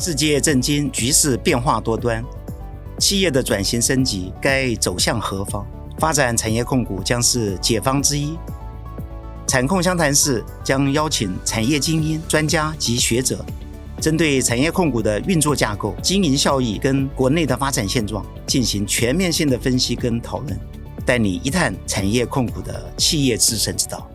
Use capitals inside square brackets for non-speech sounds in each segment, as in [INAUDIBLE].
世界政經，局勢變化多端，企業的轉型升級該走向何方？發展產業控股將是解方之一。產控相談室將邀請產業精英、專家及學者，針對產業控股的運作架構、經營效益跟國內的發展現狀進行全面性的分析跟討論，帶你一探產業控股的企業致勝之道。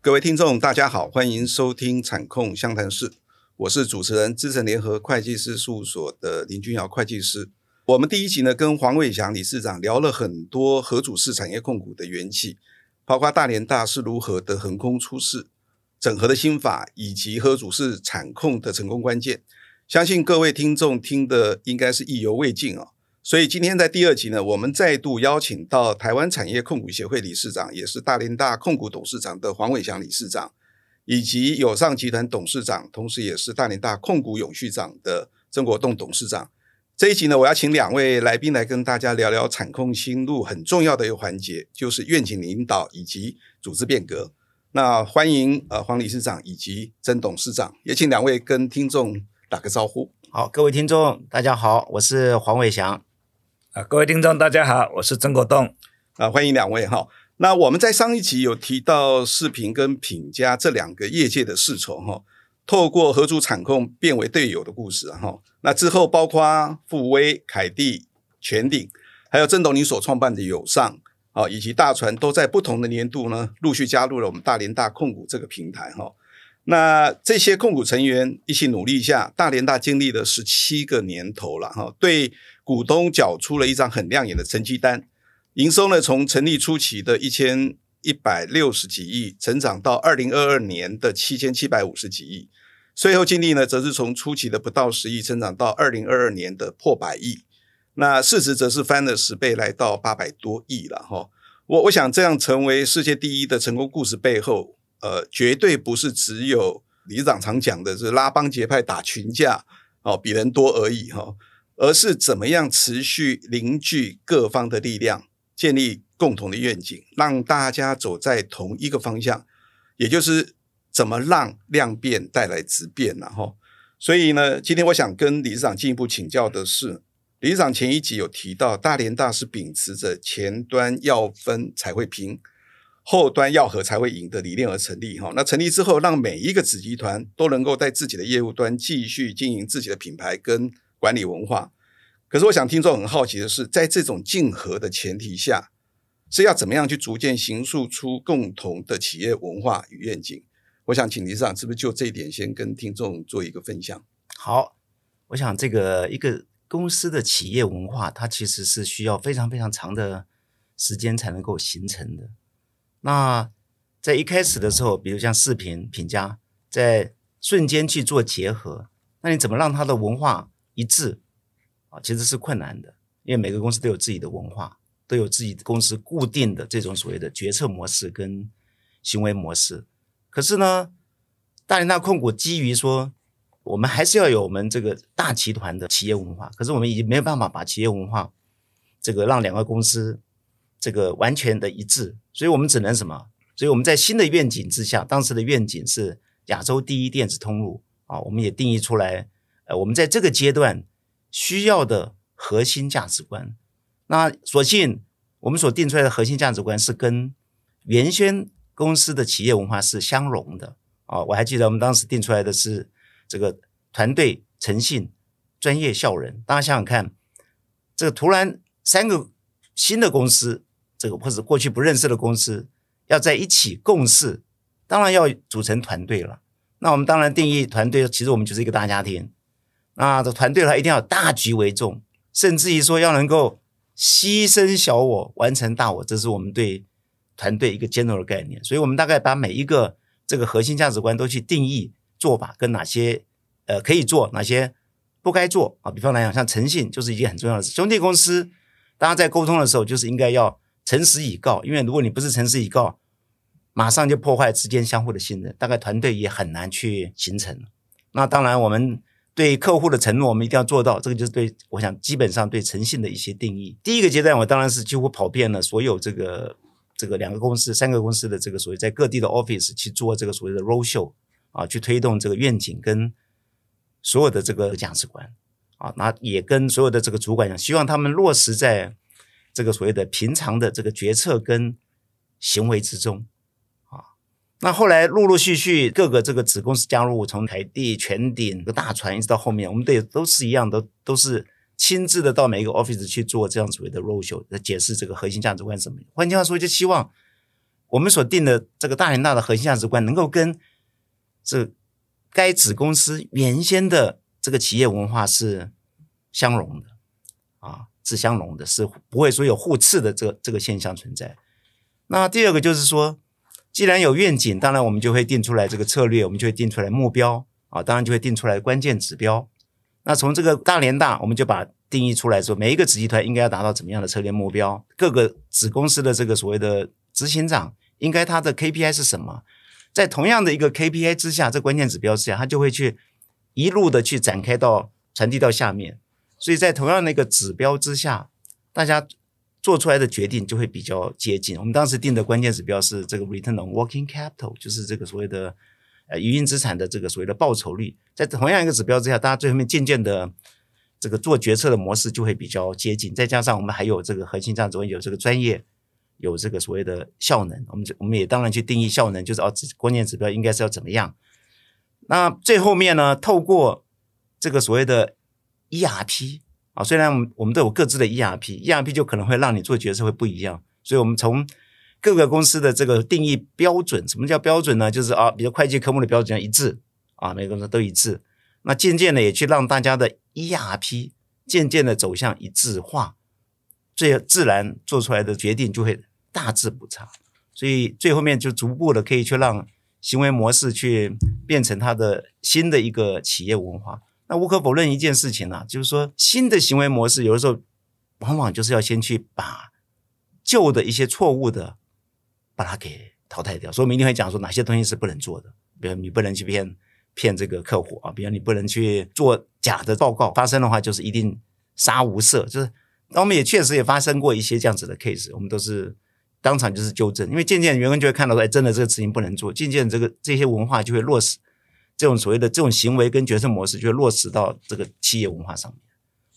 各位聽眾，大家好，歡迎收聽產控相談室。我是主持人，資深聯合會計師事務所的林君堯會計師。我們第一集呢，跟黃偉祥理事長聊了很多合組式產業控股的緣起，包括大聯大是如何的橫空出世、整合的心法，以及合組式產控的成功關鍵。相信各位聽眾聽的應該是意猶未盡啊、哦！所以今天在第二集呢，我們再度邀請到台灣產業控股協會理事長，也是大聯大控股董事長的黃偉祥理事長。以及友尚集團董事長，同時也是大聯大控股永續長的曾國棟董事長。這一集呢，我要請兩位來賓來跟大家聊聊產控心路很重要的一個環節，就是願景領導以及組織變革。那歡迎呃黃理事長以及曾董事長，也請兩位跟聽眾打個招呼。好，各位聽眾大家好，我是黃偉祥。啊，各位聽眾大家好，我是曾國棟。啊、呃，歡迎兩位哈。那我們在上一集有提到世平跟品佳這兩個業界的世仇哈，透過合組產控變為隊友的故事哈。那之後，包括富威、凱蒂、全鼎，還有曾董你所創辦的友尚啊，以及大船，都在不同的年度呢，陸續加入了我們大聯大控股這個平台哈。那這些控股成員一起努力一下，大聯大經歷了十七個年頭了哈，對股東繳出了一張很亮眼的成績單。營收呢，從成立初期的一千一百六十幾億，成長到二零二二年的七千七百五十幾億，稅後淨利呢，則是從初期的不到十億，成長到二零二二年的破百億。那市值則是翻了十倍，來到八百多億了。哈，我我想這樣成為世界第一的成功故事背後，呃，絕對不是只有理事長常講的，是拉幫結派、打群架，哦，比人多而已，哈、哦，而是怎麼樣持續凝聚各方的力量。建立共同的願景，讓大家走在同一個方向，也就是怎麼讓量變帶來質變，然後，所以呢，今天我想跟理事長進一步請教的是，理事長前一集有提到，大聯大是秉持着前端要分才會拼，後端要合才會贏的理念而成立哈，那成立之後，讓每一個子集團都能夠在自己的業務端繼續經營自己的品牌跟管理文化。可是我想聽眾很好奇的是，在這種競合的前提下，是要怎麼樣去逐漸形塑出共同的企業文化與願景？我想，請理事長是不是就這一點先跟聽眾做一個分享？好，我想這個一個公司的企業文化，它其實是需要非常非常長的時間才能夠形成的。那在一開始的時候，比如像世平品佳，在瞬間去做結合，那你怎麼讓它的文化一致？啊，其實是困難的，因為每個公司都有自己的文化，都有自己公司固定的這種所謂的決策模式跟行為模式。可是呢，大聯大控股基於說，我們還是要有我們這個大集團的企業文化。可是我們已經沒有辦法把企業文化這個讓兩個公司這個完全的一致，所以我們只能什麼？所以我們在新的願景之下，當時的願景是亞洲第一電子通路啊，我們也定義出來。呃，我們在這個階段。需要的核心價值觀。那所幸我們所定出來的核心價值觀是跟原先公司的企業文化是相融的啊、哦。我還記得我們當時定出來的是這個團隊、誠信、專業、效人。大家想想看，這個突然三個新的公司，這個或者過去不認識的公司要在一起共事，當然要組成團隊了。那我們當然定義團隊，其實我們就是一個大家庭。啊，這團隊的話一定要大局為重，甚至於說要能夠犧牲小我完成大我，這是我們對團隊一個 general 的概念。所以，我們大概把每一個這個核心價值觀都去定義做法，跟哪些呃可以做，哪些不該做啊。比方來講，像誠信就是一件很重要的事。兄弟公司大家在溝通的時候，就是應該要誠實以告，因為如果你不是誠實以告，馬上就破壞之間相互的信任，大概團隊也很難去形成。那當然我們。對客戶的承諾，我們一定要做到，這個就是對，我想基本上對誠信的一些定義。第一個階段，我當然是幾乎跑遍了所有這個這個兩個公司、三個公司的這個所謂在各地的 office 去做這個所謂的 roadshow 啊，去推動這個願景跟所有的這個價值觀啊，那也跟所有的這個主管講，希望他們落實在這個所謂的平常的這個決策跟行為之中。那後來陸陸續續各個這個子公司加入，從台地、全鼎、大船，一直到後面，我們都都是一樣的，都是親自的到每一個 office 去做這樣子為的 road show 來解釋這個核心價值觀是什麼。換句話說，就希望我們所定的這個大聯大的核心價值觀能夠跟這該子公司原先的這個企業文化是相融的，啊，是相融的是，是不會說有互斥的這個、這個現象存在。那第二個就是說。既然有願景，當然我們就會定出來這個策略，我們就會定出來目標啊，當然就會定出來關鍵指標。那從這個大聯大，我們就把定義出來說，每一個子集團應該要達到怎麼樣的策略目標，各個子公司的這個所謂的執行長應該他的 KPI 是什麼？在同樣的一個 KPI 之下，這關鍵指標之下，他就會去一路的去展開到傳遞到下面。所以在同樣的一個指標之下，大家。做出來的決定就會比較接近。我們當時定的關鍵指標是這個 return on working capital，就是這個所謂的呃營運資產的這個所謂的報酬率。在同樣一個指標之下，大家最後面漸漸的這個做決策的模式就會比較接近。再加上我們還有這個核心價值觀，有這個專業，有這個所謂的效能。我們我們也當然去定義效能，就是哦、啊，這關鍵指標應該是要怎麼樣。那最後面呢，透過這個所謂的 ERP。啊，雖然我們都有各自的 ERP，ERP ERP 就可能會讓你做決策會不一樣，所以我們從各個公司的這個定義標準，什麼叫標準呢？就是啊，比如會計科目的標準要一致，啊，每個公司都一致。那漸漸的也去讓大家的 ERP 漸漸的走向一致化，最後自然做出來的決定就會大致不差。所以最後面就逐步的可以去讓行為模式去變成它的新的一個企業文化。那無可否認一件事情呢、啊，就是說新的行為模式有的時候往往就是要先去把舊的一些錯誤的把它給淘汰掉。所以我們一定會講說哪些東西是不能做的，比如你不能去騙騙這個客戶啊，比如你不能去做假的報告。發生的話就是一定殺無赦。就是當我們也確實也發生過一些這樣子的 case，我們都是當場就是糾正，因為漸漸員工就會看到說、哎、真的這個事情不能做，漸漸這個這些文化就會落實。這種所謂的這種行為跟決策模式，就落實到這個企業文化上面。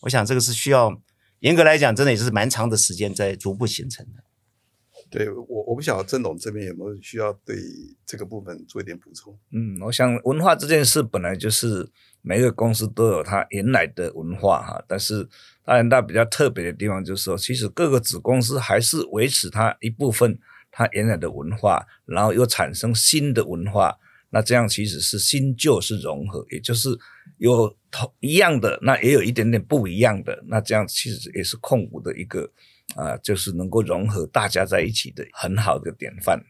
我想這個是需要嚴格來講，真的也是蠻長的時間在逐步形成的。對我，我不曉得曾總這邊有沒有需要對這個部分做一點補充？嗯，我想文化這件事本來就是每個公司都有它原來的文化哈，但是大聯大比較特別的地方就是說，其實各個子公司還是維持它一部分它原來的文化，然後又產生新的文化。那這樣其實是新舊是融合，也就是有同一樣的，那也有一點點不一樣的。那這樣其實也是控股的一個啊、呃，就是能夠融合大家在一起的很好的典範。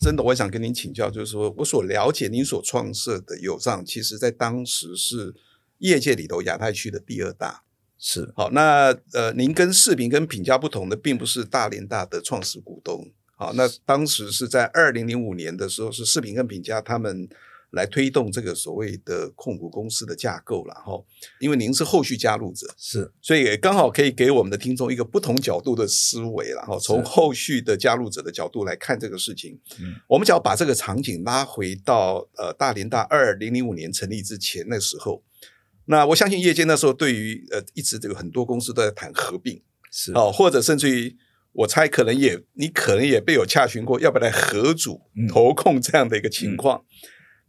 真的，我想跟您請教，就是說我所了解您所創設的友尚，其實在當時是業界裡頭亞太區的第二大。是。好，那呃，您跟世平跟品佳不同的，並不是大聯大的創始股東。好、哦，那當時是在二零零五年的時候，是世平跟品佳他們來推動這個所謂的控股公司的架構，然後因為您是後續加入者，是，所以也剛好可以給我們的聽眾一個不同角度的思維，然後從後續的加入者的角度來看這個事情，我們只要把這個場景拉回到呃大聯大二零零五年成立之前的時候。那我相信業界那時候對於呃，一直這個很多公司都在談合併是，哦，或者甚至於。我猜可能也你可能也被有洽詢過，要不然來合組、嗯、投控這樣的一個情況？嗯、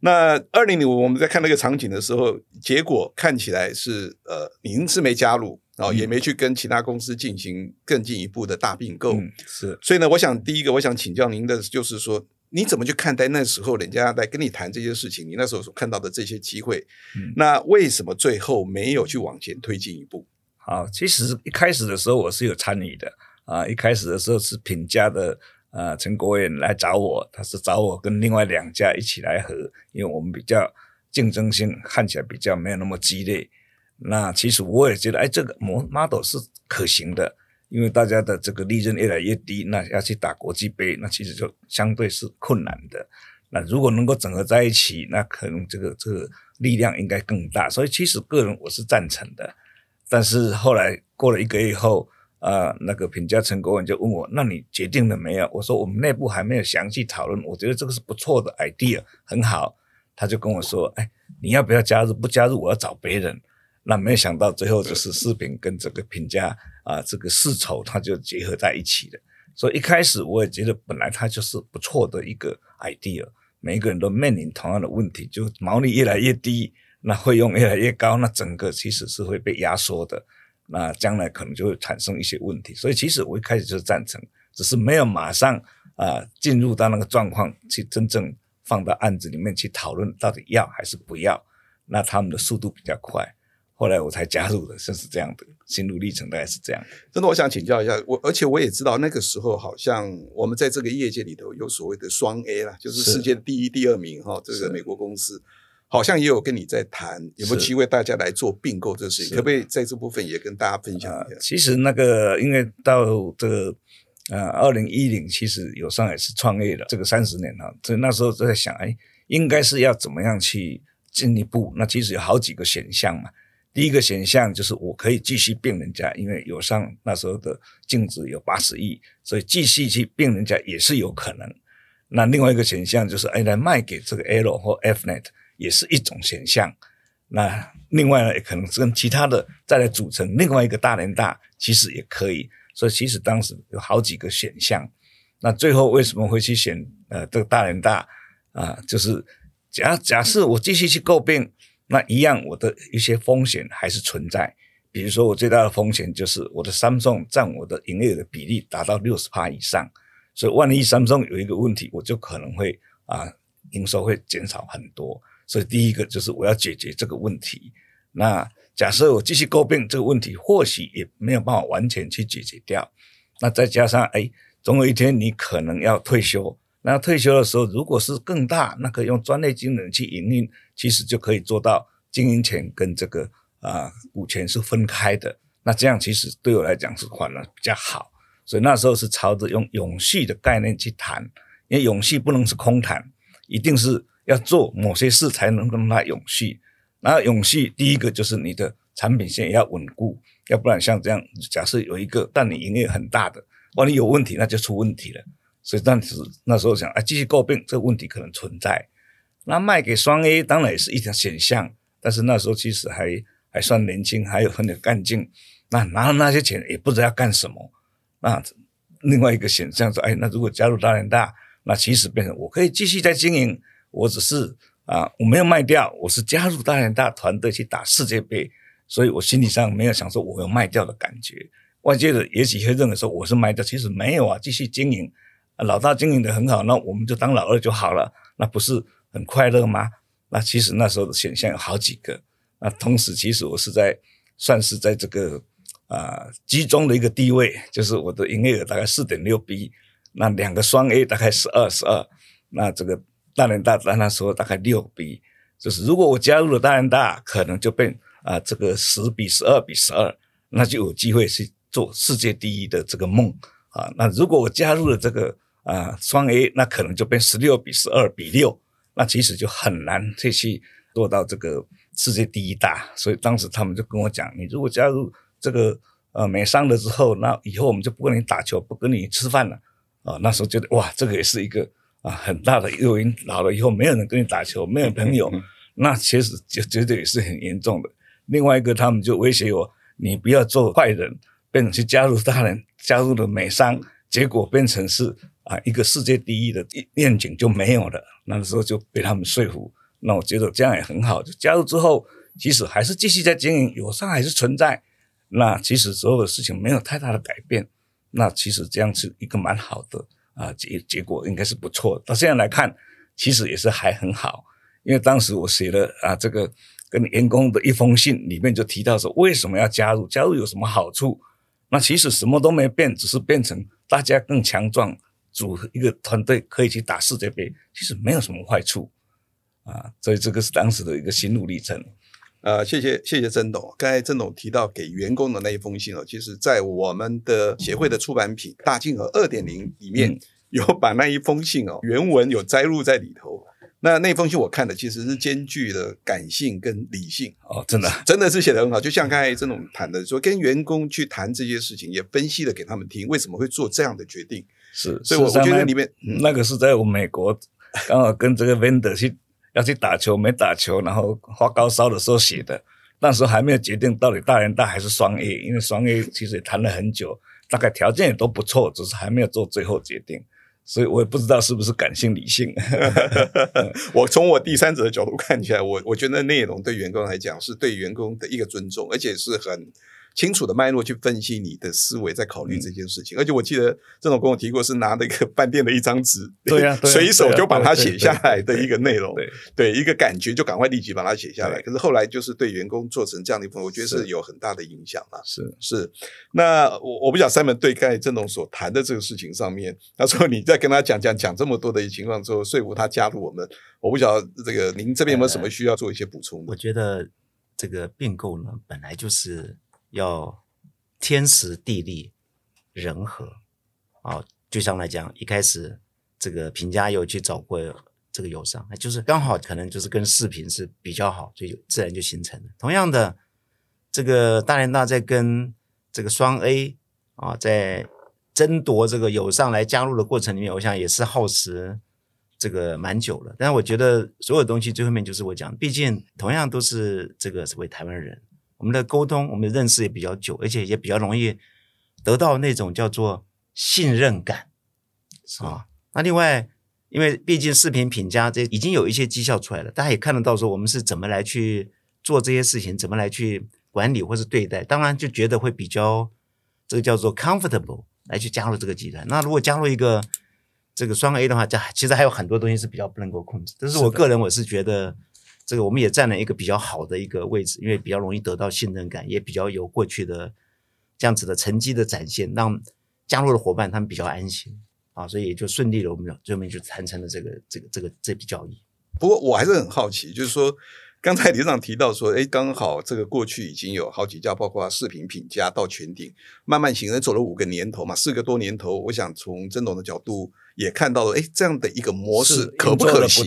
那二零零五我們在看那個場景的時候，結果看起來是呃，您是沒加入，然後也沒去跟其他公司進行更進一步的大併購。嗯、是，所以呢，我想第一個我想請教您的就是說，你怎麼去看待那時候人家來跟你談這些事情？你那時候所看到的這些機會，嗯、那為什麼最後沒有去往前推進一步？好，其實一開始的時候我是有參與的。啊，一開始的時候是品佳的，呃，陳國遠來找我，他是找我跟另外兩家一起來合，因為我們比較競爭性，看起來比較沒有那麼激烈。那其實我也覺得，哎，這個模 model 是可行的，因為大家的這個利潤越來越低，那要去打國際杯，那其實就相對是困難的。那如果能夠整合在一起，那可能這個這個力量應該更大。所以其實個人我是贊成的，但是後來過了一個月後，呃，那個品佳陳國文就問我，那你決定了沒有？我說我們內部還沒有詳細討論。我覺得這個是不錯的 idea，很好。他就跟我說，哎，你要不要加入？不加入，我要找別人。那沒有想到最後就是世平跟這個品佳啊、呃，這個薪酬它就結合在一起了。所以一開始我也覺得本來它就是不錯的一個 idea。每個人都面臨同樣的問題，就毛利越來越低，那費用越來越高，那整個其實是會被壓縮的。那將來可能就會產生一些問題，所以其實我一開始就是贊成，只是沒有馬上啊、呃、進入到那個狀況去真正放到案子裡面去討論到底要還是不要。那他們的速度比較快，後來我才加入的，就是這樣的心路歷程大概是這樣的。真的，我想請教一下我，而且我也知道那個時候好像我們在這個業界裡頭有所謂的雙 A 啦，就是世界第一、第二名哈，這個美國公司。好像也有跟你在談，有沒有機會大家來做併購這事情？可不可以在這部分也跟大家分享一下？呃、其實那個因為到這個呃二零一零其實友尚也是創業的這個三十年啊，所以那時候就在想，哎、欸，應該是要怎麼樣去進一步？那其實有好幾個選項嘛。第一個選項就是我可以繼續併人家，因為友尚那時候的淨值有八十億，所以繼續去併人家也是有可能。那另外一個選項就是哎、欸，來賣給這個 L 或 FNet。也是一種選項。那另外呢，也可能是跟其他的再來組成另外一個大聯大，其實也可以。所以其實當時有好幾個選項。那最後為什麼會去選呃這個大聯大啊？就是假假設我繼續去購併，那一樣我的一些風險還是存在。比如說，我最大的風險就是我的三星占我的營業額的比例達到六十趴以上，所以萬一三星有一個問題，我就可能會啊營收會減少很多。所以第一個就是我要解決這個問題。那假設我繼續詬病這個問題，或許也沒有辦法完全去解決掉。那再加上哎，總有一天你可能要退休。那退休的時候，如果是更大，那可以用專業經理人去引領其實就可以做到經營權跟這個啊、呃、股權是分開的。那這樣其實對我來講是反而比較好。所以那時候是朝着用永續的概念去談，因為永續不能是空談，一定是。要做某些事才能讓他永續，那永續第一個就是你的產品線也要穩固，要不然像這樣，假設有一個，但你營業很大的，萬一有問題，那就出問題了。所以當時那時候想，哎、啊，繼續詬病這個問題可能存在。那賣給雙 A 當然也是一條選項，但是那時候其實還還算年輕，還有很有幹勁。那拿了那些錢也不知道要幹什麼。那另外一個選項說，哎，那如果加入大聯大，那其實變成我可以繼續再經營。我只是啊、呃，我沒有賣掉，我是加入大聯大團隊去打世界盃，所以我心理上沒有想說我有賣掉的感覺。外界的也許會認為說我是賣掉，其實沒有啊，繼續經營、啊，老大經營得很好，那我們就當老二就好了，那不是很快樂嗎？那其實那時候的選項有好幾個。那同時，其實我是在算是在這個啊、呃、集中的一個地位，就是我的營業額大概四點六 B，那兩個雙 A 大概十二十二，那這個。大聯大，那時候大概六比，就是如果我加入了大聯大，可能就變啊這個十比十二比十二，那就有機會去做世界第一的這個夢啊。那如果我加入了這個啊雙 A，那可能就變十六比十二比六，那其實就很難再去做到這個世界第一大。所以當時他們就跟我講，你如果加入這個呃、啊、美商了之後，那以後我們就不跟你打球，不跟你吃飯了啊。那時候覺得哇，這個也是一個。啊，很大的誘因，老了以後沒有人跟你打球，沒有朋友，嗯嗯、那其實就覺得也是很嚴重的。另外一個，他們就威脅我，你不要做壞人，變成去加入他人，加入了美商，結果變成是啊，一個世界第一的願景就沒有了。那個時候就被他們說服，那我覺得這樣也很好。就加入之後，其實還是繼續在經營，友尚還是存在，那其實所有的事情沒有太大的改變，那其實這樣是一個蠻好的。啊結結果應該是不錯，到現在來看，其實也是還很好，因為當時我寫了啊這個跟員工的一封信裡面就提到說為什麼要加入，加入有什麼好處？那其實什麼都沒變，只是變成大家更強壯，組一個團隊可以去打世界杯，其實沒有什麼壞處啊，所以這個是當時的一個心路歷程。呃，謝謝謝謝曾董、哦。剛才曾董提到給員工的那一封信哦，其實，在我們的協會的出版品《嗯、大競合2.0》裡面、嗯，有把那一封信哦原文有摘錄在裡頭。那那封信我看的其實是兼具了感性跟理性哦，真的、啊、真的是寫得很好。就像剛才曾董談的說，說、嗯、跟員工去談這些事情，也分析了給他們聽為什麼會做這樣的決定。是，所以我覺得裡面那、嗯、那個是在我美國剛好跟這個 vendor 去。 [LAUGHS] 他去打球沒打球，然後發高燒的時候寫的。當時還沒有決定到底大聯大還是雙 A，因為雙 A 其實也談了很久，大概條件也都不錯，只是還沒有做最後決定，所以我也不知道是不是感性理性。 [LAUGHS] [LAUGHS] 我從我第三者的角度看起來，我我覺得內容對員工來講是對員工的一個尊重，而且是很清楚的脈絡去分析你的思維，在考慮這件事情、嗯。而且我記得鄭總跟我提過，是拿那個飯店的一張紙、嗯，對呀，隨手就把它寫下來的一個內容，對對，一個感覺就趕快立即把它寫下來。可是後來就是對員工做成這樣的一份，我覺得是有很大的影響嘛。是、啊是，啊是，啊、是，那我我不曉得三門對剛才鄭總所談的這個事情上面，他說你再跟他講講講這麼多的情況之後，所以說服他加入我們。我不曉得這個您這邊有沒有什麼需要做一些補充呢、呃？我覺得這個併購呢，本來就是。要天時地利人和啊，就像來講，一開始這個品佳又去找過這個友尚，就是剛好可能就是跟世平是比較好，所以自然就形成了。同樣的，這個大聯大在跟這個雙 A 啊，在爭奪這個友尚來加入的過程裡面，我想也是耗時這個蠻久了。但是我覺得所有東西最後面就是我講，畢竟同樣都是這個所謂台灣人。我們的溝通，我們的認識也比較久，而且也比較容易得到那種叫做信任感，是吧、啊？那另外，因為畢竟世平品佳這已經有一些績效出來了，大家也看得到說我們是怎麼來去做這些事情，怎麼來去管理或是對待。當然就覺得會比較這個叫做 comfortable 來去加入這個集團。那如果加入一個這個雙個 A 的話，這其實還有很多東西是比較不能夠控制。但是我個人是我是覺得。這個我們也佔了一個比較好的一個位置，因為比較容易得到信任感，也比較有過去的這樣子的成績的展現，讓加入的夥伴他們比較安心啊，所以也就順利了。我們最後面就談成了這個這個這個這筆交易。不過我還是很好奇，就是說剛才理事長提到說，哎，剛好這個過去已經有好幾家，包括世平品佳到詮鼎，慢慢形成走了五個年頭嘛，四個多年頭。我想從曾董的角度。也看到了，哎，這樣的一個模式可不可行？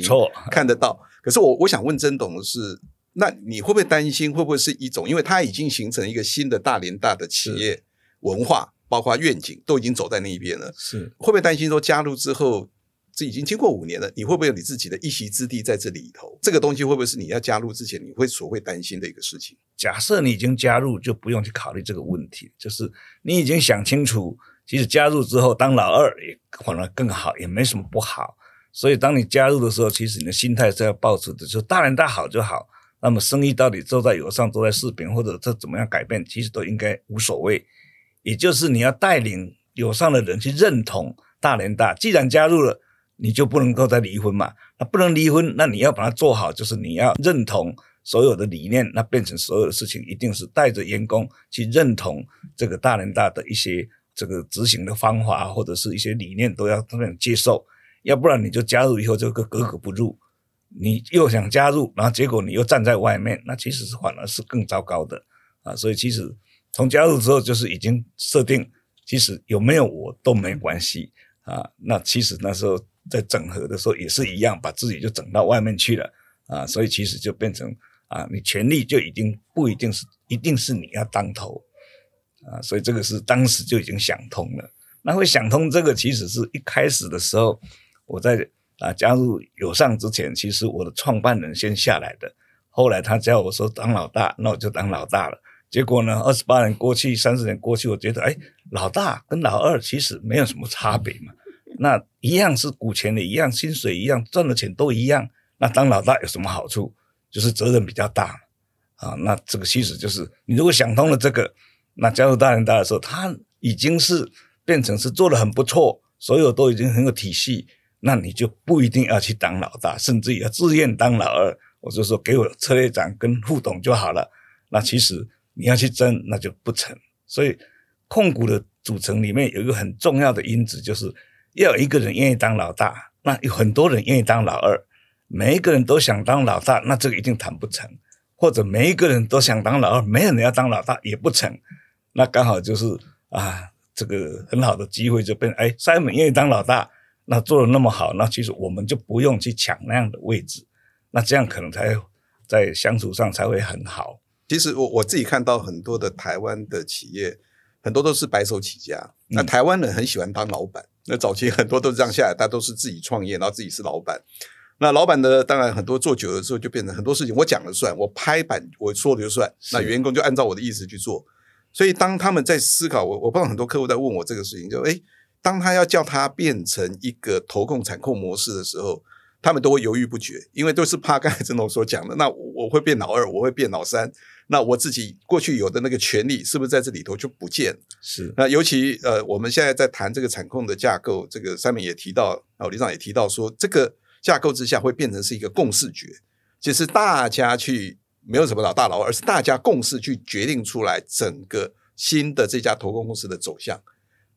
看得到。可是我我想問曾董的是，那你會不會擔心？會不會是一種？因為它已經形成一個新的大聯大的企業文化，包括願景都已經走在那一邊了。是會不會擔心說加入之後，這已經經過五年了，你會不會有你自己的一席之地在這裡頭？這個東西會不會是你要加入之前你會所會擔心的一個事情？假設你已經加入，就不用去考慮這個問題，就是你已經想清楚。其實加入之後當老二也可能更好，也沒什麼不好。所以當你加入的時候，其實你的心態是要保持的，就大聯大好，就好。那麼生意到底做在友尚，做在世平，或者這怎麼樣改變，其實都應該無所謂。也就是你要帶領友尚的人去認同大聯大。既然加入了，你就不能夠再離婚嘛。那不能離婚，那你要把它做好，就是你要認同所有的理念，那變成所有的事情一定是帶着員工去認同這個大聯大的一些。這個執行的方法或者是一些理念都要他們接受，要不然你就加入以後就個格格不入，你又想加入，然後結果你又站在外面，那其實是反而是更糟糕的啊。所以其實從加入之後就是已經設定，其實有沒有我都沒關係啊。那其實那時候在整合的時候也是一樣，把自己就整到外面去了啊。所以其實就變成啊，你權力就已經不一定是一定是你要當頭。啊，所以這個是當時就已經想通了。那會想通這個，其實是一開始的時候，我在啊加入友尚之前，其實我的創辦人先下來的。後來他叫我說當老大，那我就當老大了。結果呢，二十八年過去，三十年過去，我覺得哎、欸，老大跟老二其實沒有什麼差別嘛。那一樣是股權，也一樣薪水，一樣賺的錢都一樣。那當老大有什麼好處？就是責任比較大啊。那這個其實就是你如果想通了這個。那加入大聯大的時候，他已經是變成是做得很不錯，所有都已經很有體系。那你就不一定要去當老大，甚至要自願當老二。我就說給我車隊長跟副董就好了。那其實你要去爭，那就不成。所以控股的組成裡面有一個很重要的因子，就是要有一個人願意當老大。那有很多人願意當老二，每一個人都想當老大，那這個一定談不成。或者每一個人都想當老二，沒有人要當老大，也不成。那剛好就是啊，這個很好的機會就變哎，三明願意當老大，那做的那麼好，那其實我們就不用去搶那樣的位置，那這樣可能才在相處上才會很好。其實我我自己看到很多的台灣的企業，很多都是白手起家、嗯，那台灣人很喜歡當老闆，那早期很多都是這樣下來，他都是自己創業，然後自己是老闆。那老闆呢，當然很多做久了之後就變成很多事情我講了算，我拍板我說了就算，那員工就按照我的意思去做。所以，當他們在思考我，我碰到很多客戶在問我這個事情，就誒，當他要叫他變成一個投控產控模式的時候，他們都會猶豫不決，因為都是怕剛才曾總所講的，那我會變老二，我會變老三，那我自己過去有的那個權利是不是在這裡頭就不見了？是。那尤其呃，我們現在在談這個產控的架構，這個上面也提到，老、哦、理事長也提到說，這個架構之下會變成是一個共識決，其實大家去。沒有什麼老大老二，而是大家共識去決定出來整個新的這家投控公司的走向。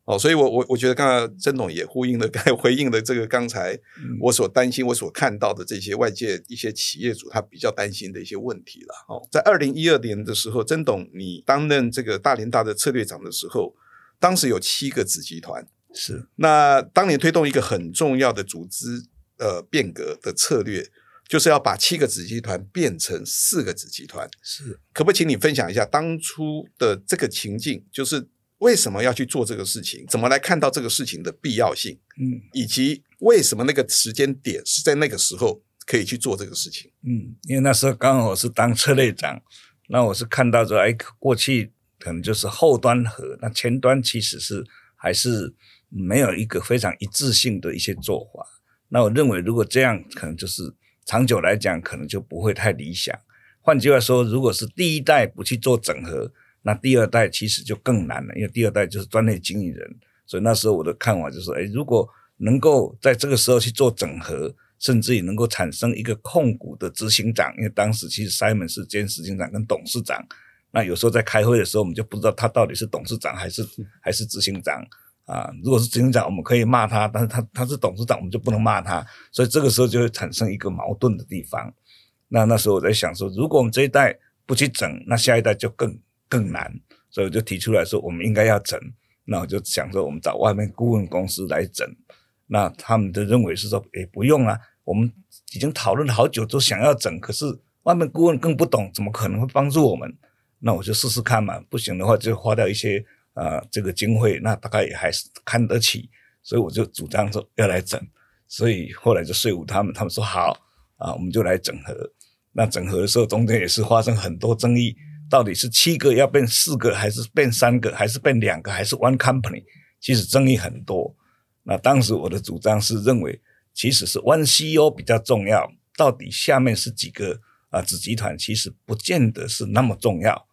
哦，所以我我我覺得剛才曾董也呼應了，回應了這個剛才我所擔心、嗯、我所看到的這些外界一些企業主他比較擔心的一些問題了。哦，在二零一二年的時候，曾董你擔任這個大聯大的策略長的時候，當時有七個子集團。是。那當年推動一個很重要的組織呃變革的策略。就是要把七個子集團變成四個子集團，是，可不可以請你分享一下當初的這個情境？就是為什麼要去做這個事情？怎麼來看到這個事情的必要性？嗯，以及為什麼那個時間點是在那個時候可以去做這個事情？嗯，因為那時候剛好是當車內長，那我是看到說，哎，過去可能就是後端和那前端其實是還是沒有一個非常一致性的一些做法。那我認為，如果這樣，可能就是。長久來講，可能就不會太理想。換句話說，如果是第一代不去做整合，那第二代其實就更難了，因為第二代就是專業經理人。所以那時候我的看法就是，誒，欸，如果能夠在這個時候去做整合，甚至於能夠產生一個控股的執行長，因為當時其實 Simon 是兼執行長跟董事長。那有時候在開會的時候，我們就不知道他到底是董事長還是還是執行長。啊，如果是執行長，我們可以罵他，但是他他是董事長，我們就不能罵他。所以這個時候就會產生一個矛盾的地方。那那時候我在想說，如果我們這一代不去整，那下一代就更更難。所以我就提出來說，我們應該要整。那我就想說，我們找外面顧問公司來整。那他們都認為是說，欸，不用啊，我們已經討論了好久都想要整，可是外面顧問更不懂，怎麼可能會幫助我們？那我就試試看嘛，不行的話就花掉一些。啊，這個經費，那大概也還是看得起，所以我就主張說要來整，所以後來就稅務他們，他們說好啊，我們就來整合。那整合的時候，中間也是發生很多爭議，到底是七個要變四個，還是變三個，還是變兩個，還是 One Company，其實爭議很多。那當時我的主張是認為，其實是 One CEO 比較重要，到底下面是幾個啊子集團，其實不見得是那麼重要。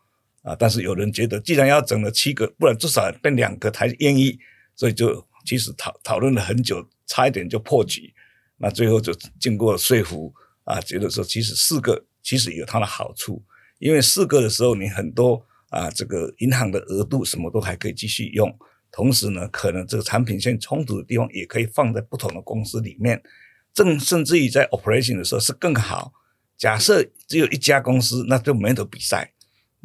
啊！但是有人覺得，既然要整了七個，不然至少變兩個才願意。所以就其實討討論了很久，差一點就破局。那最後就經過了說服啊，覺得說其實四個其實有它的好處，因為四個的時候你很多啊，這個銀行的額度什麼都還可以繼續用。同時呢，可能這個產品線衝突的地方也可以放在不同的公司裡面，正，甚至於在 operation 的時候是更好。假設只有一家公司，那就沒得比賽。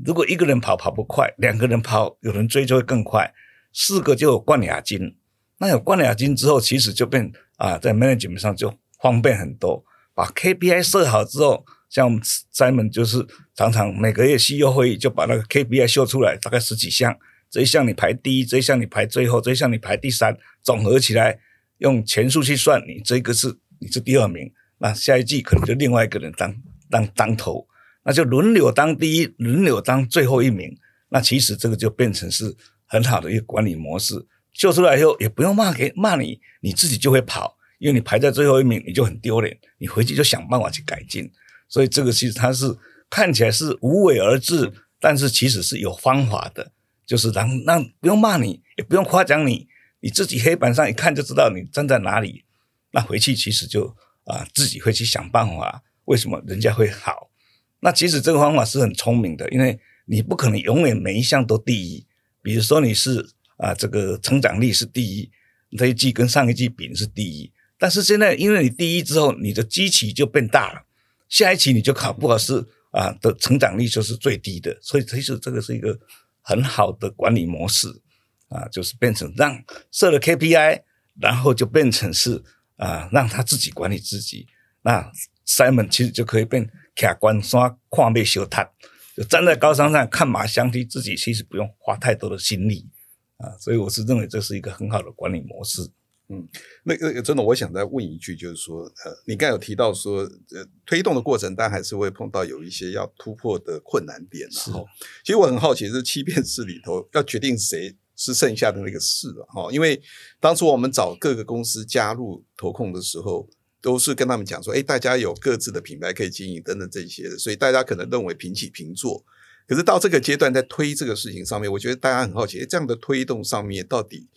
如果一個人跑跑不快，兩個人跑，有人追就會更快。四個就有冠亞軍，那有冠亞軍之後，其實就變啊，在 management 上就方便很多。把 KPI 設好之後，像我們 Simon 就是常常每個月 CEO 會議就把那個 KPI 秀出來，大概十幾項，這一項你排第一，這一項你排最後，這一項你排第三，總和起來用錢數去算，你這一個是你是第二名，那下一季可能就另外一個人當當當,當頭。那就輪流當第一，輪流當最後一名。那其實這個就變成是很好的一個管理模式。救出來以後也不用罵給，罵你你自己就會跑，因為你排在最後一名你就很丟臉，你回去就想辦法去改進。所以這個其實它是看起來是無為而治，但是其實是有方法的，就是讓讓不用罵你，也不用誇獎你，你自己黑板上一看就知道你站在哪裡。那回去其實就啊、呃、自己會去想辦法，為什麼人家會好。那其實這個方法是很聰明的，因為你不可能永遠每一項都第一。比如說你是啊、呃，這個成長率是第一，這一季跟上一季比是第一，但是現在因為你第一之後，你的基期就變大了，下一期你就考不好試啊，的成長率就是最低的。所以其實這個是一個很好的管理模式啊、呃，就是變成讓設了 KPI，然後就變成是啊、呃，讓他自己管理自己。那 Simon 其實就可以變。卡關刷，曠野修坦，就站在高山上看馬相梯，自己其實不用花太多的心力啊，所以我是認為這是一個很好的管理模式。嗯，那個真的，我想再問一句，就是說，呃，你剛才有提到說，呃，推動的過程，但還是會碰到有一些要突破的困難點、啊。其實我很好奇，這七變式裡頭要決定誰是剩下的那個式哈、啊？因為當初我們找各個公司加入投控的時候。都是跟他們講說，哎，大家有各自的品牌可以經營，等等這些的，所以大家可能認為平起平坐。可是到這個階段，在推這個事情上面，我覺得大家很好奇，哎，這樣的推動上面，到底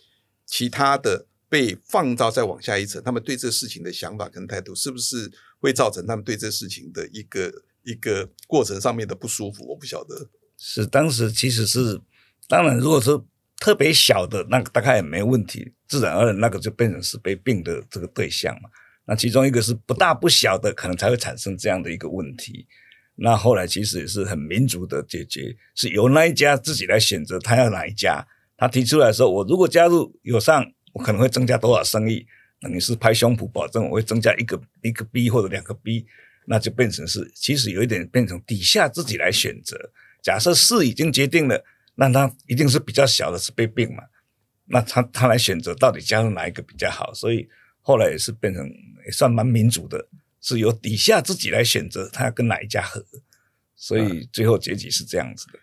其他的被放到再往下一層，他們對這事情的想法跟態度，是不是會造成他們對這事情的一個一個過程上面的不舒服？我不曉得。是當時其實是，當然，如果說特別小的，那個大概也沒問題，自然而然那個就變成是被併的這個對象嘛。那其中一個是不大不小的，可能才會產生這樣的一個問題。那後來其實也是很民主的解決，是由那一家自己來選擇他要哪一家。他提出來說：“我如果加入友尚，我可能會增加多少生意？”等於是拍胸脯保證我會增加一個一個 B 或者兩個 B，那就變成是其實有一點變成底下自己來選擇。假設是已經決定了，那他一定是比較小的是被併嘛。那他他來選擇到底加入哪一個比較好？所以。後來也是變成也算蠻民主的，是由底下自己來選擇他要跟哪一家合，所以最後結局是這樣子的。嗯、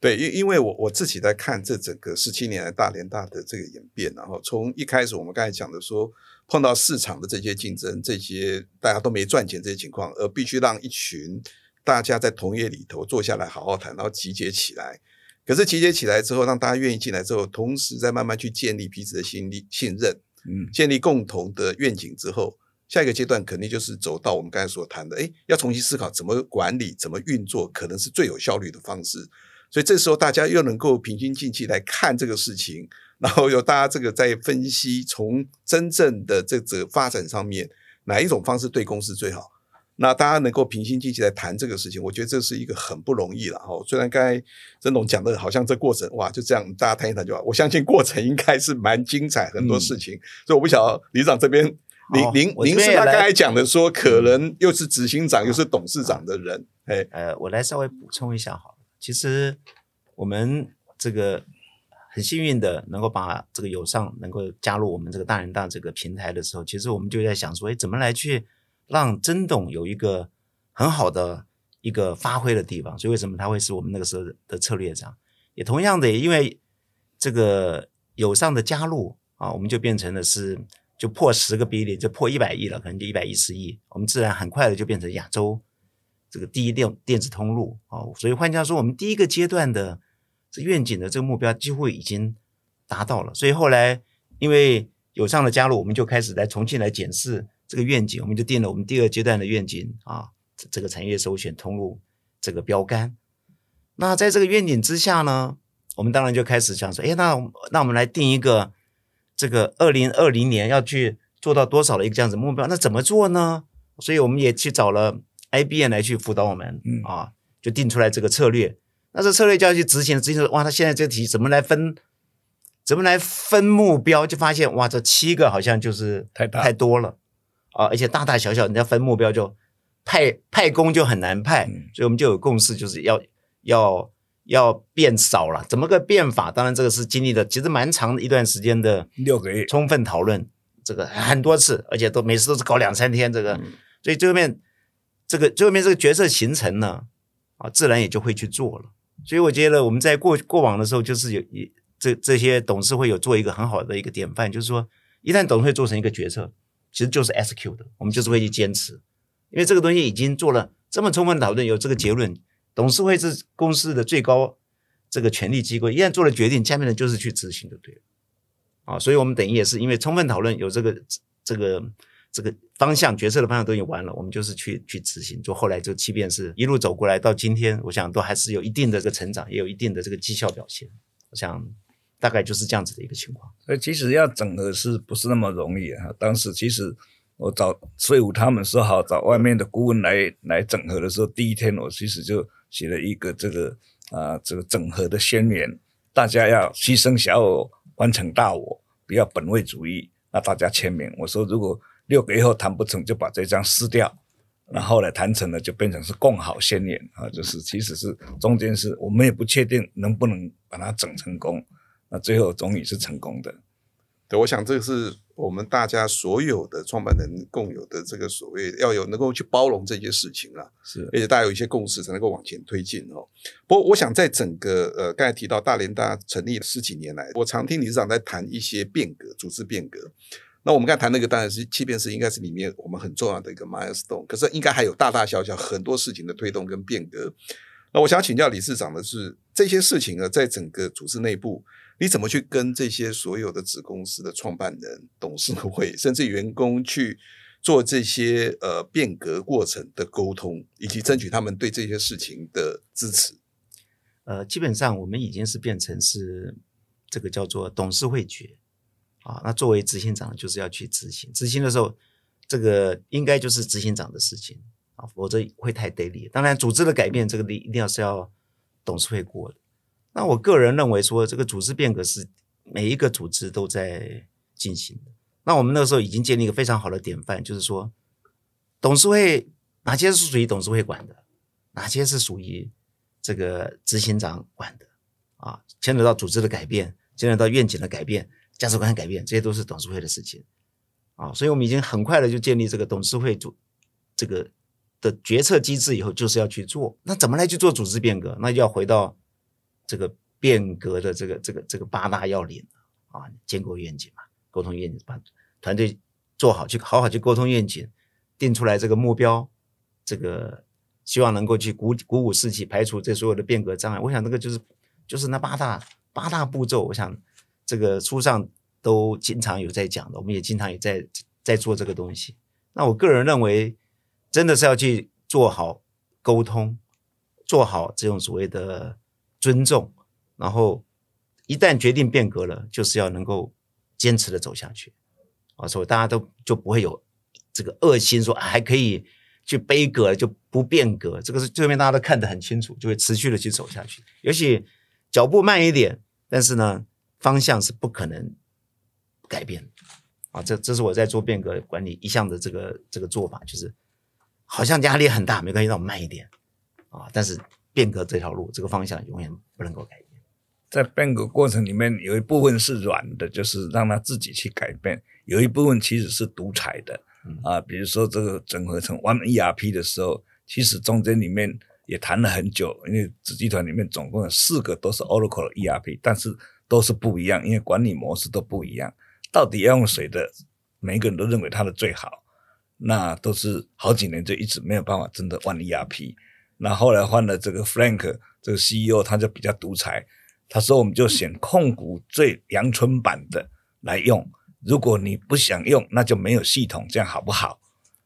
對，因因為我我自己在看這整個十七年來大聯大的這個演變，然後從一開始我們剛才講的說碰到市場的這些競爭，這些大家都沒賺錢這些情況，而必須讓一群大家在同業裡頭坐下來好好談，然後集結起來。可是集結起來之後，讓大家願意進來之後，同時再慢慢去建立彼此的信力信任。嗯，建立共同的願景之後，下一個階段肯定就是走到我們剛才所談的，誒，要重新思考怎麼管理、怎麼運作，可能是最有效率的方式。所以這時候大家又能夠平心靜氣來看這個事情，然後有大家這個在分析從真正的這個發展上面，哪一種方式對公司最好。那大家能夠平心靜氣來談這個事情，我覺得這是一個很不容易了哦。雖然剛才曾總講的，好像這過程哇就這樣，大家談一談就好。我相信過程應該是蠻精彩，很多事情、嗯。所以我不曉得理事長這邊，您您您是他剛才講的說，嗯、可能又是執行長、嗯、又是董事長的人、啊。哎，呃，我來稍微補充一下好了。其實我們這個很幸運的，能夠把這個友尚能夠加入我們這個大聯大這個平台的時候，其實我們就在想說，哎，怎麼來去。讓曾董有一個很好的一個發揮的地方，所以為什麼他會是我們那個時候的策略長？也同樣的，因為這個友尚的加入啊，我們就變成了是就破十個比例，就破一百億了，可能就一百一十億，我們自然很快的就變成亞洲這個第一電電子通路啊。所以換句話說，我們第一個階段的這願景的這個目標幾乎已經達到了。所以後來因為友尚的加入，我們就開始在重慶來檢視。這個願景，我們就定了我們第二階段的願景啊，這個產業首選通路，這個標杆那在這個願景之下呢，我們當然就開始想說，哎，那那我們來定一個這個二零二零年要去做到多少的一個這樣子的目標？那怎麼做呢？所以我們也去找了 IBM 來去輔導我們、嗯、啊，就定出來這個策略。那這策略就要去執行，執行說，哇，他現在這個題怎麼來分？怎麼來分目標？就發現哇，這七個好像就是太太多了。啊，而且大大小小，人家分目標就派派工就很難派、嗯，所以我們就有共識，就是要要要變少了。怎麼個變法？當然這個是經歷的，其實蠻長一段時間的六個月，充分討論這個很多次，而且都每次都是搞兩三天這個、嗯，所以最後面這個最後面這個決策形成呢，啊，自然也就會去做了。所以我覺得我們在過過往的時候，就是有這這些董事會有做一個很好的一個典範，就是說一旦董事會做成一個決策，其實就是 S Q 的，我們就是會去堅持，因為這個東西已經做了這麼充分討論，有這個結論，董事會是公司的最高這個權力機構，一旦做了決定，下面的就是去執行就對了，啊，所以我們等於也是因為充分討論有這個這個這個方向決策的方向都已經完了，我們就是去去執行，就後來就即便是一路走過來到今天，我想都還是有一定的這個成長，也有一定的這個績效表現，我想。大概就是這樣子的一個情況。所以其實要整合是不，是不是那麼容易啊？當時其實我找稅務他們說好找外面的顧問來來整合的時候，第一天我其實就寫了一個這個啊、呃、這個整合的宣言，大家要犧牲小我完成大我，不要本位主義。那大家簽名，我說如果六個月後談不成，就把這張撕掉。然後來談成了，就變成是共好宣言啊，就是其實是中間是我們也不確定能不能把它整成功。那最後總理是成功的，對，我想這個是我們大家所有的創辦人共有的這個所謂要有能夠去包容這些事情啊，是，而且大家有一些共識才能夠往前推進哦。不過，我想在整個呃剛才提到大聯大成立了十幾年來，我常聽理事長在談一些變革、組織變革。那我們剛才談那個當然是即便是應該是裡面我們很重要的一個 milestone。可是，應該還有大大小小很多事情的推動跟變革。那我想請教理事長的是，這些事情呢，在整個組織內部，你怎麼去跟這些所有的子公司的創辦人、董事會，甚至員工去做這些呃變革過程的溝通，以及爭取他們對這些事情的支持？呃，基本上我們已經是變成是這個叫做董事會決啊。那作為執行長，就是要去執行。執行的時候，這個應該就是執行長的事情啊，否則會太得力。當然，組織的改變，這個力一定要是要董事會過的。那我個人認為說，這個組織變革是每一個組織都在進行的。那我們那個時候已經建立一個非常好的典範，就是說，董事會哪些是屬於董事會管的，哪些是屬於這個執行長管的啊？牽扯到組織的改變，牽扯到願景的改變、價值觀的改變，這些都是董事會的事情啊。所以，我們已經很快的就建立這個董事會主這個的決策機制，以後就是要去做。那怎麼來去做組織變革？那就要回到。這個變革的這個這個這個八大要領啊，建構願景嘛，溝通願景，把團隊做好，去好好去溝通願景，定出來這個目標，這個希望能夠去鼓鼓舞士氣，排除這所有的變革障礙。我想那個就是就是那八大八大步驟，我想這個書上都經常有在講的，我們也經常也在在做這個東西。那我個人認為，真的是要去做好溝通，做好這種所謂的。尊重，然後一旦決定變革了，就是要能夠堅持的走下去啊，所以大家都就不會有這個噁心說，說、啊、還可以去杯葛，就不變革，這個是這邊大家都看得很清楚，就會持續的去走下去。尤其腳步慢一點，但是呢，方向是不可能不改變啊。這這是我在做變革管理一向的這個這個做法，就是好像壓力很大，沒關係，讓我慢一點啊，但是。變革這條路，這個方向永遠不能夠改變。在變革過程裡面，有一部分是軟的，就是讓它自己去改變；有一部分其實是獨裁的、嗯，啊，比如說這個整合成 One ERP 的時候，其實中間裡面也談了很久。因為子集團裡面總共有四個都是 Oracle 的 ERP，，嗯，但是都是不一樣，因為管理模式都不一樣。到底要用誰的？每個人都認為他的最好，那都是好幾年就一直沒有辦法真的 one ERP。那後來換了這個 Frank 這個 CEO，他就比較獨裁。他說：“我們就選控股最陽春版的來用，如果你不想用，那就沒有系統，這樣好不好？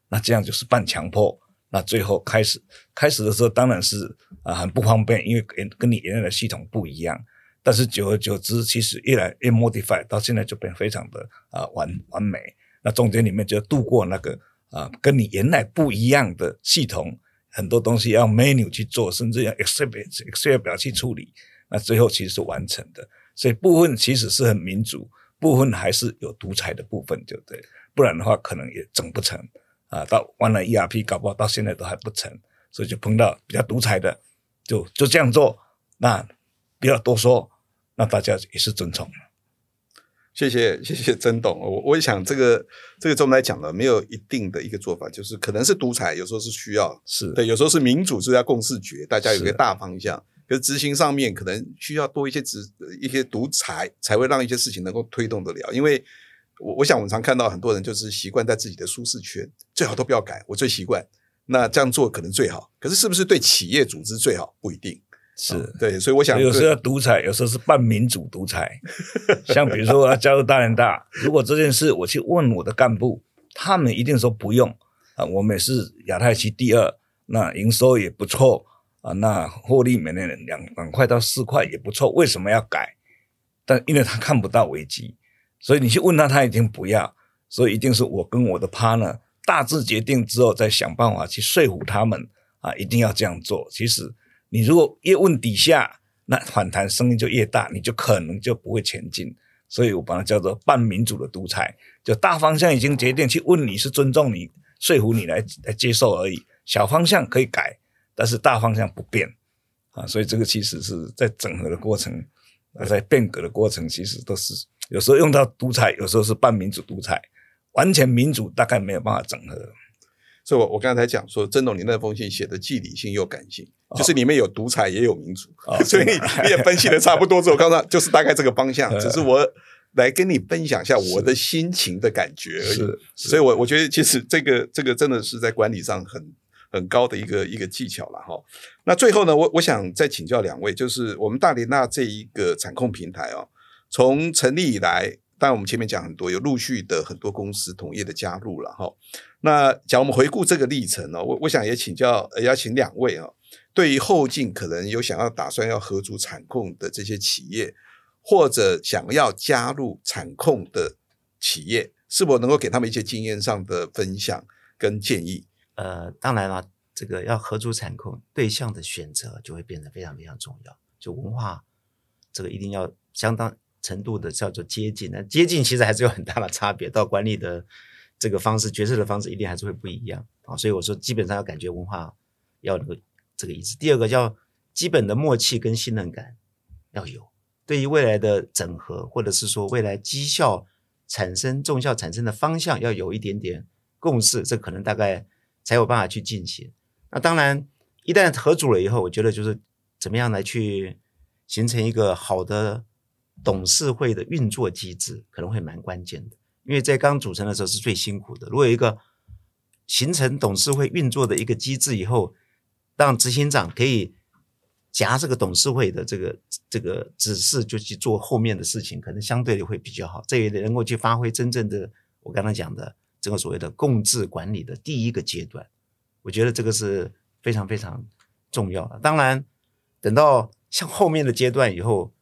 那這樣就是半強迫。那最後開始開始的時候，當然是啊、呃、很不方便，因為跟跟你原來的系統不一樣。但是久而久之，其實越來越 modify，到現在就變非常的啊、呃、完完美。那中間裡面就度過那個啊、呃、跟你原來不一樣的系統。”很多東西要 menu 去做，甚至要 excel excel 表去處理，那最後其實是完成的。所以部分其實是很民主，部分還是有獨裁的部分，就對。不然的話，可能也整不成啊。到完了 ERP 搞不好到現在都還不成，所以就碰到比較獨裁的，就就這樣做，那不要多說，那大家也是尊重。謝謝謝謝曾董，我我也想這個這個中文來講呢，沒有一定的一個做法，就是可能是獨裁，有時候是需要是對，有時候是民主，是要共識決，大家有一個大方向。可是執行上面可能需要多一些執一些獨裁，才會讓一些事情能夠推動得了。因為我，我我想我們常看到很多人就是習慣在自己的舒適圈，最好都不要改，我最習慣。那這樣做可能最好，可是是不是對企業組織最好？不一定。是、哦、對，所以我想，有時候要獨裁， [LAUGHS] 有時候是半民主獨裁。像比如說要加入大聯大， [LAUGHS] 如果這件事我去問我的幹部，他們一定說不用啊。我們也是亞太區第二，那營收也不錯啊，那獲利每年兩兩塊到四塊也不錯，為什麼要改？但因為他看不到危機，所以你去問他，他一定不要，所以一定是我跟我的 partner 大致決定之後，再想辦法去說服他們啊，一定要這樣做。其實。你如果越問底下，那反彈聲音就越大，你就可能就不會前進。所以我把它叫做半民主的獨裁，就大方向已經決定，去問你是尊重你，說服你來來接受而已。小方向可以改，但是大方向不變啊。所以這個其實是在整合的過程，而在變革的過程，其實都是有時候用到獨裁，有時候是半民主獨裁，完全民主大概沒有辦法整合。所以，我我剛才講說，曾董，你那封信寫的既理性又感性，哦，就是裡面有獨裁也有民主，哦、 [LAUGHS] 所以你，你也分析的差不多。所以，我剛才就是大概這個方向，只是我來跟你分享一下我的心情的感覺而已。是是是，所以我，我我覺得其實這個這個真的是在管理上很很高的一個一個技巧了哈。那最後呢，我我想再請教兩位，就是我們大聯大這一個產控平台啊、哦，從成立以來。但我們前面講很多，有陸續的很多公司同業的加入了哈。那講我們回顧這個歷程哦，我我想也請教，邀請兩位啊，對於後進可能有想要打算要合組產控的這些企業，或者想要加入產控的企業，是否能夠給他們一些經驗上的分享跟建議？呃，當然啦，這個要合組產控對象的選擇就會變得非常非常重要，就文化這個一定要相當。程度的叫做接近，那接近其實還是有很大的差別。到管理的這個方式、決策的方式一定還是會不一樣啊。所以我說，基本上要感覺文化要有這個意思。第二個叫基本的默契跟信任感要有，對於未來的整合，或者是說未來績效產生、綜效產生的方向，要有一點點共識，這可能大概才有辦法去進行。那當然，一旦合組了以後，我覺得就是怎麼樣來去形成一個好的。董事會的運作機制可能會蠻關鍵的，因為在剛組成的時候是最辛苦的。如果有一個形成董事會運作的一個機制以後，讓執行長可以夾這個董事會的這個這個指示就去做後面的事情，可能相對的會比較好。這也能夠去發揮真正的我剛才講的這個所謂的共治管理的第一個階段。我覺得這個是非常非常重要的。當然，等到像後面的階段以後。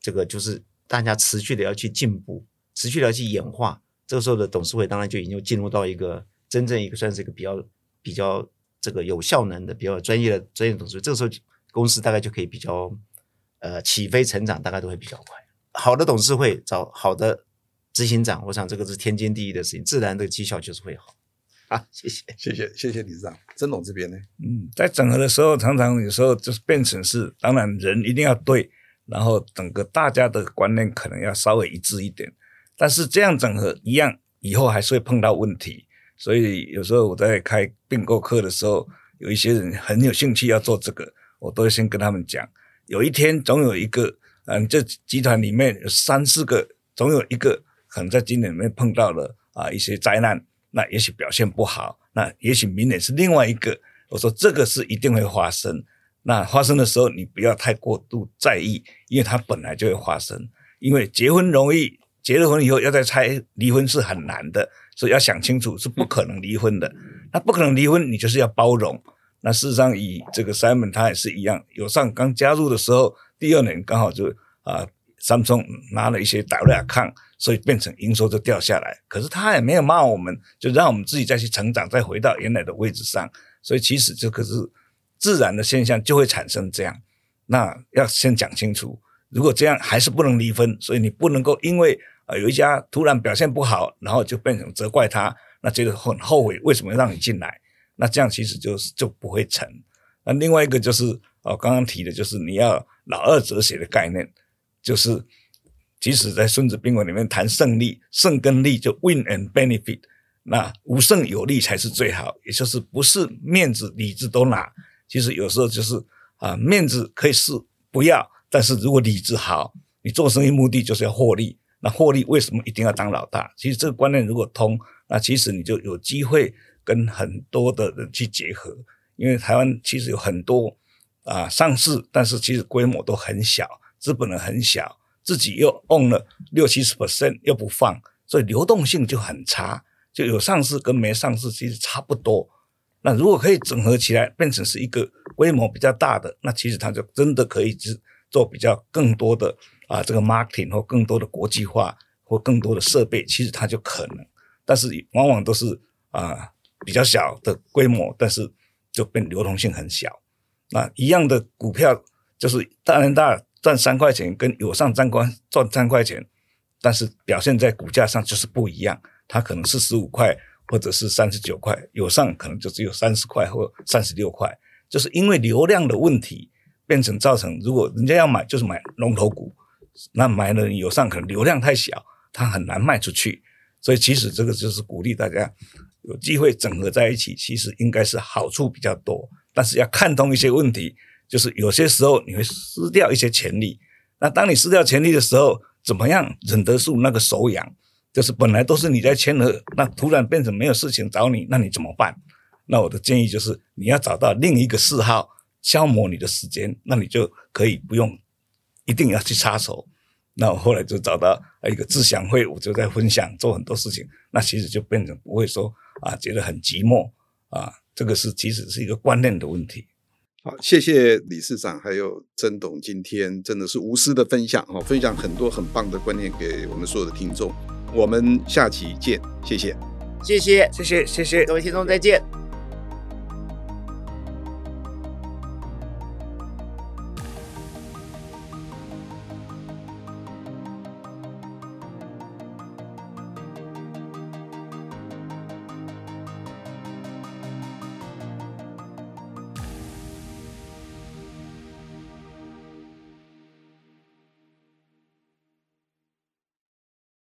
這個就是大家持續的要去進步，持續的要去演化。這個時候的董事會當然就已經進入到一個真正一個算是一個比較比較這個有效能的比較專業的專業的董事會。這個時候公司大概就可以比較呃起飛成長，大概都會比較快。好的董事會找好的執行長，我想這個是天經地義的事情，自然的績效就是會好。啊，謝謝謝謝謝謝理事長。曾總這邊呢？嗯，在整合的時候，常常有時候就是變成是，當然人一定要對。然後整個大家的觀念可能要稍微一致一點，但是這樣整合一樣，以後還是會碰到問題。所以有時候我在開併購課的時候，有一些人很有興趣要做這個，我都會先跟他們講：有一天總有一個，嗯、呃，這集團裡面有三四個，總有一個可能在今年裡面碰到了啊一些災難，那也許表現不好，那也許明年是另外一個。我說這個是一定會發生。那發生的時候，你不要太過度在意，因為它本來就會發生。因為結婚容易，結了婚以後要再拆離婚是很難的，所以要想清楚是不可能離婚的。嗯。那不可能離婚，你就是要包容。那事實上，以這個 Simon 他也是一樣，友尚剛加入的時候，第二年剛好就啊，三星拿了一些大 account，所以變成營收就掉下來。可是他也沒有罵我們，就讓我們自己再去成長，再回到原來的位置上。所以其實這個是。自然的現象就會產生這樣，那要先講清楚。如果這樣還是不能離婚，所以你不能夠因為、呃、有一家突然表現不好，然後就變成責怪他，那這個很後悔，為什麼讓你進來？那這樣其實就是、就不會成。那另外一個就是我剛剛提的，就是你要老二哲學的概念，就是即使在孫子兵法裡面談勝利、勝跟利，就 win and benefit，那無勝有利才是最好，也就是不是面子、裡子都拿。其實有時候就是啊、呃，面子可以是不要，但是如果裡子好，你做生意目的就是要獲利。那獲利為什麼一定要當老大？其實這個觀念如果通，那其實你就有機會跟很多的人去結合。因為台灣其實有很多啊、呃、上市，但是其實規模都很小，資本很小，自己又 own 了六七十 percent 又不放，所以流動性就很差，就有上市跟沒上市其實差不多。那如果可以整合起來，變成是一個規模比較大的，那其實它就真的可以是做比較更多的啊，這個 marketing 或更多的國際化或更多的設備，其實它就可能。但是往往都是啊比較小的規模，但是就變流通性很小。那一樣的股票，就是大聯大賺三塊錢，跟友尚張冠賺三塊錢，但是表現在股價上就是不一樣，它可能是十五塊。或者是三十九塊，友尚可能就只有三十塊或三十六塊，就是因為流量的問題變成造成，如果人家要買，就是買龍頭股。那買了友尚，可能流量太小，它很難賣出去，所以其實這個就是鼓勵大家有機會整合在一起，其實應該是好處比較多，但是要看通一些問題，就是有些時候你會失掉一些潛力，那當你失掉潛力的時候，怎麼樣忍得住那個手癢？就是本來都是你在簽核，那突然變成沒有事情找你，那你怎麼辦？那我的建議就是你要找到另一個嗜好，消磨你的時間，那你就可以不用一定要去插手。那我後來就找到一個志享會，我就在分享做很多事情，那其實就變成不會說啊，覺得很寂寞啊，這個是其實是一個觀念的問題。好，謝謝理事長還有曾董，今天真的是無私的分享哦，分享很多很棒的觀念給我們所有的聽眾。我們下期見，謝謝、謝謝、謝謝、謝謝各位聽眾，再見。